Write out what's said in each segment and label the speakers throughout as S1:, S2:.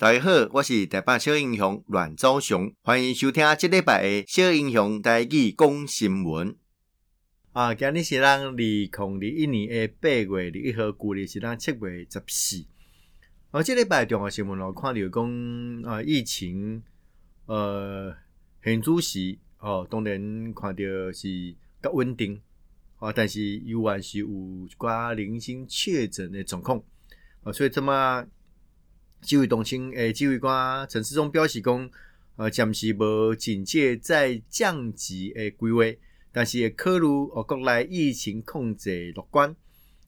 S1: 大家好，我是台北小英雄阮昭雄，歡迎收聽這禮拜嘅小英雄台語講新聞。啊，今日是咱二零二一年誒八月二十一號，舊曆是咱七月十四。我、啊、這禮拜重要新聞我看到講啊疫情，呃很仔時，哦、啊，當然看到是較穩定，啊但是猶原是有寡零星確診嘅狀況，啊所以怎麼？機會東京誒，指揮官陳時中表示，講，呃，暫時不警戒再降級的規劃，但是也克如哦，國內疫情控制樂觀，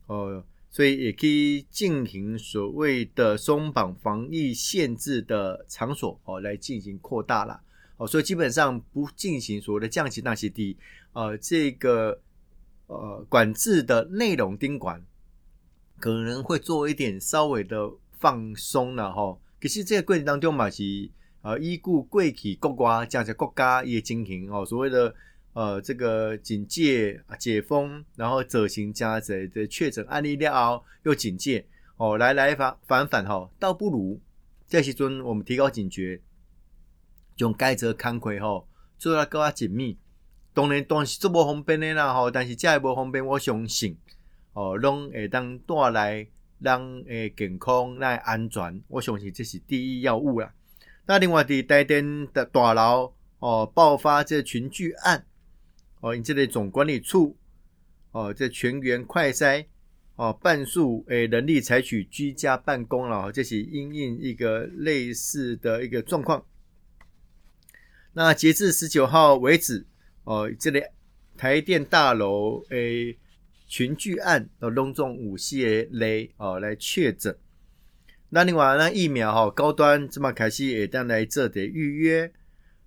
S1: 哦、呃，所以也可以進行所謂的鬆綁防疫限制的場所哦、呃，來進行擴大了，哦、呃，所以基本上不進行所謂的降級那些地呃，這個呃管制的內容盯管，可能會做一點稍微的。放鬆了吼，可是這個過程當中嘛是呃依顧過去國家，加加國家一個經營哦，所謂的呃這個警戒解封，然後執行加在在確診案例了後又警戒哦，來來反反反吼，倒、哦、不如這時陣我們提高警覺，將該則看開吼，做來更加緊密。當然當然做無方便的啦吼，但是這下無方便我相信哦，攏會當帶來。讓誒健康來安全，我相信這是第一要務啦。那另外的台電的大樓哦，爆發這群聚案哦，你這裡總管理處哦，這全員快篩哦，半數誒人、哎、力採取居家辦公了、哦，這是因應一個類似的一個狀況。那截至十九號為止哦，這裡台電大樓誒。哎群聚案都攏用五系來哦，哦來確診。那另外那疫苗吼、哦、高端，現在開始一旦來做點預約，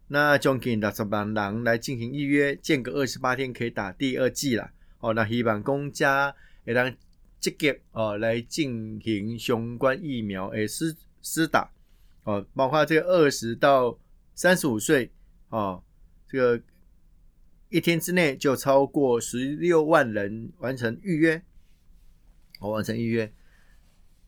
S1: 那將近六十萬人來進行預約，間隔二十八天可以打第二劑了哦。那希望公家一旦積極哦來進行相關疫苗誒施施打哦，包括這個二十到三十五歲哦這個。一天之內就超過十六萬人完成預約，哦，完成預約。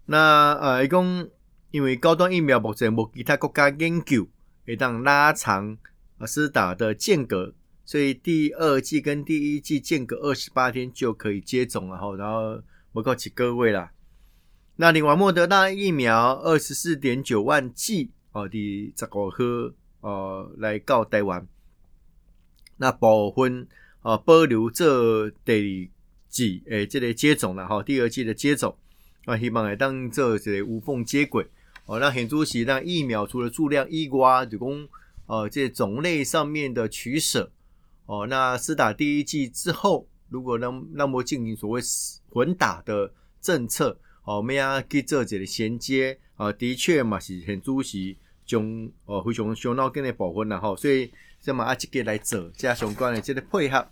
S1: 那呃，一共因為高端疫苗目前沒其他國家研究，會當拉長啊施打的間隔，所以第二劑跟第一劑間隔二十八天就可以接種了。然後我告訴各位了，那另外莫德納疫苗二十四點九萬劑哦的這個呃來告台灣。那部分哦，保留這第幾誒，這接種啦，哈，第二劑的接種，那希望來當做這無縫接軌哦，那很多時那疫苗除了數量、以外、就講呃這種類上面的取捨哦，那施打第一劑之後，如果那那麼進行所謂混打的政策我們要給做這的銜接啊，的確嘛是很注意將哦非常相當更的保分。啦，哈，所以。這麼啊，這個來做加相關的這個配合。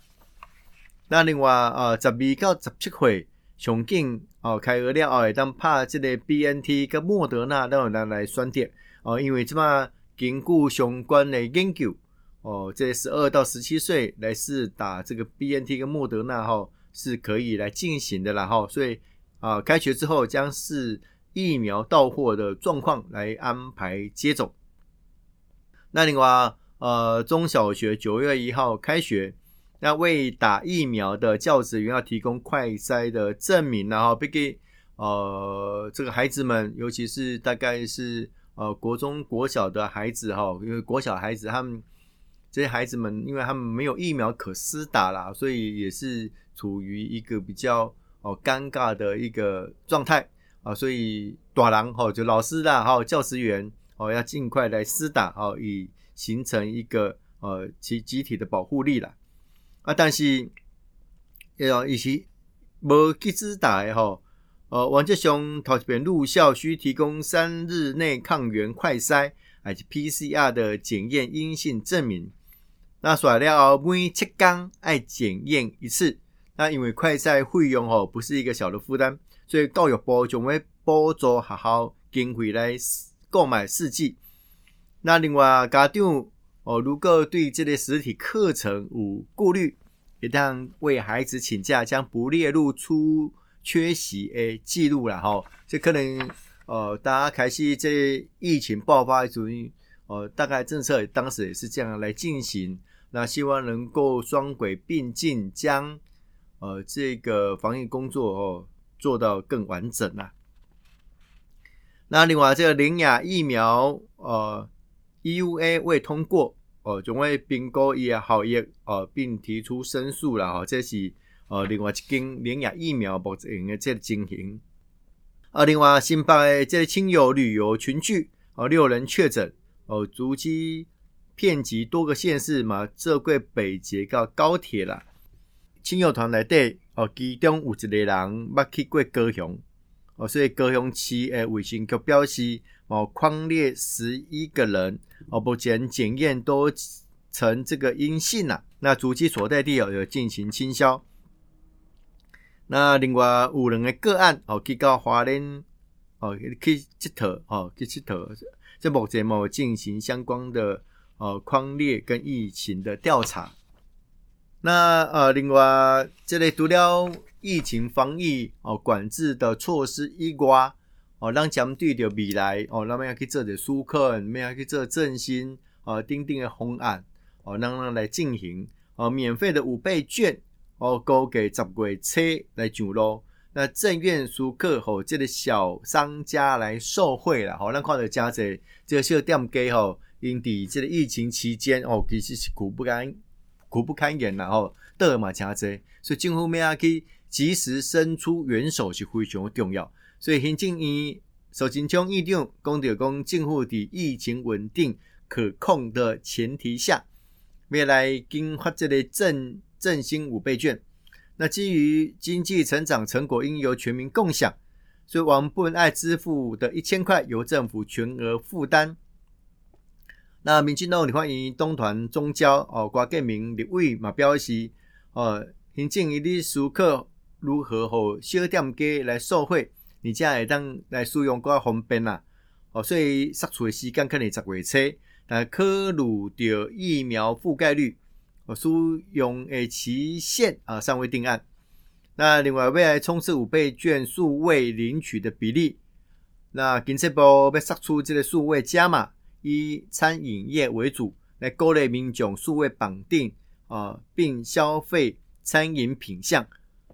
S1: 那另外啊，十二到十七歲，最快哦，開學了啊會當拍這個 BNT 跟莫德納，然後人來選擇。哦，因為怎麼經過相關的研究哦，這十二到十七歲來是打這個 BNT 跟莫德納哈、哦哦哦、是可以來進行的啦哈、哦，所以啊，開學之後將是疫苗到貨的狀況來安排接種。那另外。呃，中小學九月一號開學，那為打疫苗的教職員要提供快篩的證明，然後畢竟，呃這個孩子們，尤其是大概是呃國中國小的孩子哈，因為國小孩子他們這些孩子們，因為他們沒有疫苗可施打啦，所以也是處於一個比較哦、呃、尷尬的一個狀態啊、呃，所以大人哈、哦、就老師啦哈、哦、教職員哦要儘快來施打哦以。形成一個呃其集體的保護力了啊！但是，而且無機制大吼，呃，王志雄頭一遍入校需提供三日內抗原快篩，還是 PCR 的檢驗陰性證明。那說了每七天要檢驗一次，那因為快篩費用吼、哦、不是一個小的負擔，所以教育部就會補助學校經費來購買試劑。那另外，家長哦，如果對這類實體課程無顧慮，一旦為孩子請假，將不列入出缺席誒記錄了哈。這可能呃，大家開始這疫情爆發的時候，呃，大概政策當時也是這樣來進行。那希望能夠雙軌並進，將呃這個防疫工作哦、呃、做到更完整吶。那另外，這個聯亞疫苗呃，EUA 未通過，哦，仲為評估伊的效益，哦，並提出申訴了，哦，這是，哦，另外一跟聯亞疫苗，目前應在進行。啊，另外新北的這親友旅遊群聚，哦，六人確診，哦，足跡遍及多個縣市嘛，坐過北捷到高鐵啦。親友團內的哦，其中有一個人捌去過高雄，哦，所以高雄市誒衛生局表示。哦，匡列十一個人哦，目前檢驗都呈這個陰性啦、啊。那足跡所在地哦，要進行清消。那另外有兩個個案哦，去到花蓮哦，去佚佗哦，去佚佗，這目前沒有進行相關的哦匡列跟疫情的調查。那呃，另外這裡、個、除了疫情防疫哦管制的措施以外。哦，咱針對着未來，哦，咱要去做些紓困，咩要去做振興，啊，哦，頂頂個方案，哦，咱咱來進行，哦，免費的五倍券，哦，估計十月初來上路。那政院紓困吼，即、哦這個小商家來受惠啦，吼、哦，咱看到遮濟，即、這個小店家吼，因佇即個疫情期間，哦，其實是苦不堪苦不堪言啦，吼、哦，倒嘛真濟，所以政府咩要去及時伸出援手是非常重要。所以行政院蘇貞昌院長講着講，政府在疫情穩定可控的前提下，未來經發這類振振興五倍券。那基於經濟成長成果應由全民共享，所以阮本愛支付的一千塊由政府全額負擔。那民進黨你歡迎東團中交哦，郭建明立委嘛表示哦，行政院你思考如何讓小店家來受惠。你將來當來使用更加方便啦。哦，所以釋出的時間可能十月初，但考慮到疫苗覆蓋率，哦，使用的期限啊尚未定案。那另外未來衝刺五倍券數位領取的比例，那經濟部要釋出這個數位加碼，以餐飲業為主，來鼓勵民眾數位綁定啊，並消費餐飲品項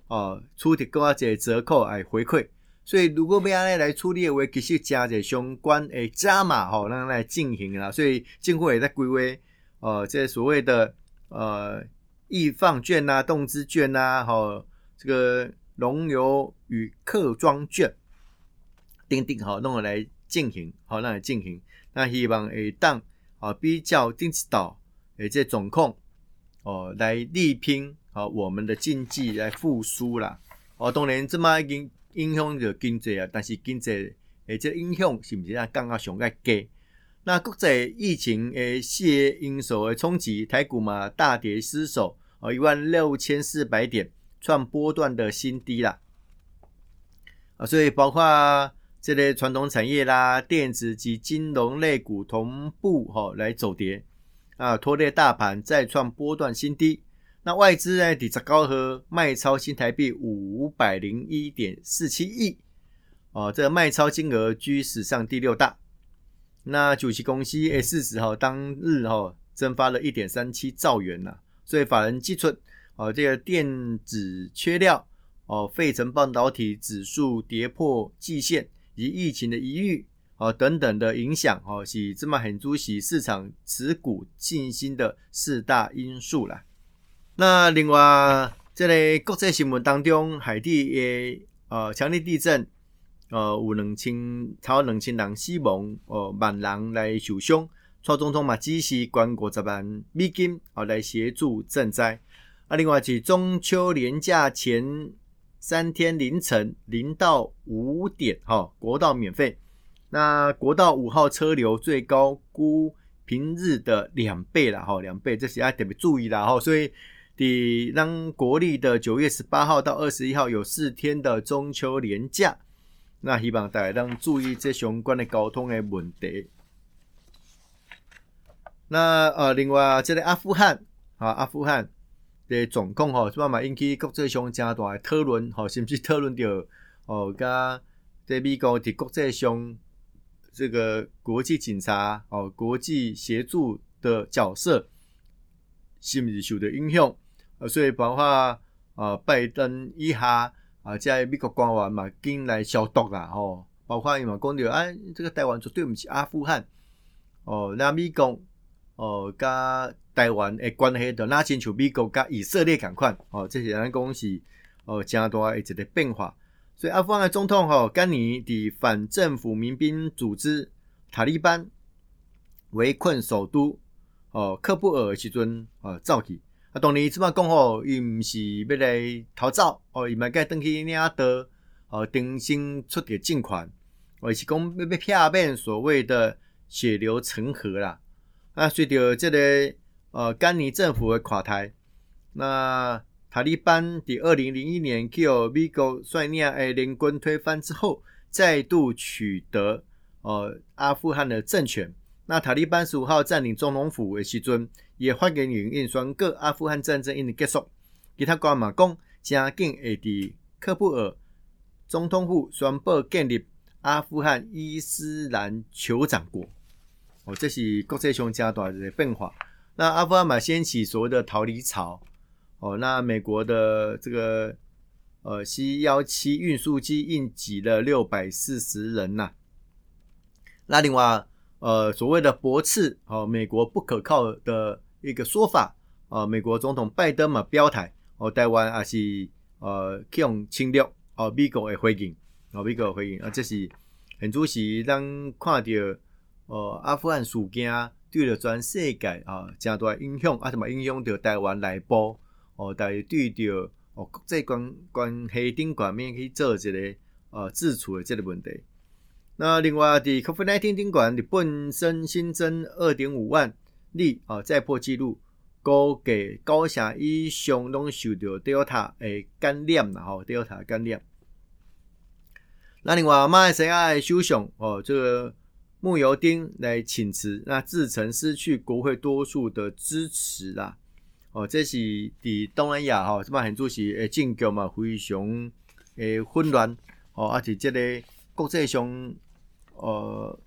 S1: 哦，出的更多一折扣來回饋。所以如果不要來來處理的話，其實加些相關誒加碼吼，來來進行啦。所以政府也在規劃，呃這所謂的呃藝 Fun 券吶、啊、動滋券吶、啊，吼、喔、這個農遊與客莊券，定定好、喔、弄來進行，好來進行。那希望下檔哦比較定濟島，誒且總控哦、喔、來力拼好、喔、我們的經濟來復甦啦。哦、喔，當然這麼已經。影響著經濟啊，但是經濟誒，這個影響是毋是啊降到上個低？那國際疫情誒四因素誒衝擊，台股嘛大跌失守哦一萬六千四百點，創波段的新低啦！啊，所以包括這些傳統產業啦、電子及金融類股同步吼來走跌啊，拖累大盤再創波段新低。那外資呢，底值高和賣超新台幣五百零一點四七億哦，這個、賣超金額居史上第六大。那九七公司哎市值哦當日哈、哦、蒸發了一點三七兆元呐、啊，所以法人計算哦這個電子缺料哦，費城半導體指數跌破季線以及疫情的疑慮哦等等的影響哦，是這麼很足，喜市場持股信心的四大因素啦。那另外，即、這個國際新聞當中，海地的呃強烈地震，呃有兩千超兩千人死亡，哦、呃、萬人來受傷。蔡總統嘛，指示捐五十萬美金，哦來協助賑災。啊，另外是中秋連假前三天凌晨零到五點，哈、哦、國道免費。那國道五號車流最高估平日的兩倍了，哈、哦、兩倍，這大家特別注意啦，哈、哦，所以。你當國曆的九月十八號到二十一號有四天的中秋連假，那希望大家當注意這相關的交通的問題。那呃，另外啊，這個阿富汗啊，阿富汗的、這個、總統吼，怎麼嘛引起國際上加大的討論，吼，甚至討論着哦，加在、哦、美國的國際上這個國際警察哦，國際協助的角色，是唔是受到影響？所以，包括呃拜登以下啊，即美國官員嘛，進來消毒啦吼、哦。包括伊嘛講到，哎、啊，這個台灣就對不起阿富汗哦。那美國哦、呃，跟台灣的關係，就那近，就美國跟以色列同款哦。這些東西哦，大、呃、多的一個的變化。所以，阿富汗的總統吼，甘尼的反政府民兵組織塔利班圍困首都哦，喀布爾的時陣呃造起。啊，當年即擺講哦，伊毋是要來逃走哦，伊嘛咪該登去領得哦，重、呃、新出個政權，或、呃就是講要避免所謂的血流成河啦。啊，隨着即個呃，甘尼政府的垮台，那塔利班佇二零零一年由美國率領誒聯軍推翻之後，再度取得呃阿富汗的政權。那塔利班十五號占領總統府的時陣。也發言人宣稱，各阿富汗戰爭已經結束。其他官員講，將近會佇喀布爾總統府宣布建立阿富汗伊斯蘭酋長國。哦，這是國際上較大的變化。那阿富汗馬掀起所謂的“逃離潮”。哦，那美國的這個呃 C 幺七運輸機硬擠了六百四十人吶、啊。那另外，呃，所謂的駁斥哦，美國不可靠的。一個說法，啊、呃，美國總統拜登嘛表態，哦、呃，台灣也是，呃，用侵略，哦、呃，美國的回應，哦、呃，美國的回應，啊，這是很主時咱看着，呃，阿富汗事件，對着全世界啊，真、呃、大影響，啊，什麼影響着台灣來報，呃、大家哦，對對着哦，國際關關係頂方面去做一個，呃，自處的這個問題。那另外，佇 COVID-19 頂管，日本身新增二點五萬。你再破紀錄，估計九成以上攏受到 Delta 感染啦，吼 Delta 感染。那另外，馬來西亞首相哦，這個慕尤丁來請辭，那自承失去國會多數的支持啦。哦，這是在東南亞哈，這麼很注是政局嘛，非常誒混亂哦，而、啊、且這個國際上呃。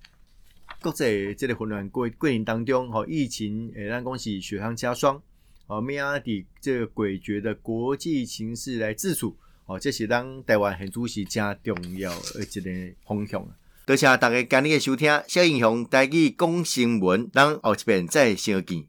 S1: 國際這個混亂過過程當中，吼疫情，哎，咱講是雪上加霜，吼明仔日佇這個詭譎的國際形勢來自處，吼，這是咱台灣現主時誠重要的一個方向。多謝大家今日的收聽，小英雄帶你講新聞，咱後一遍再相見。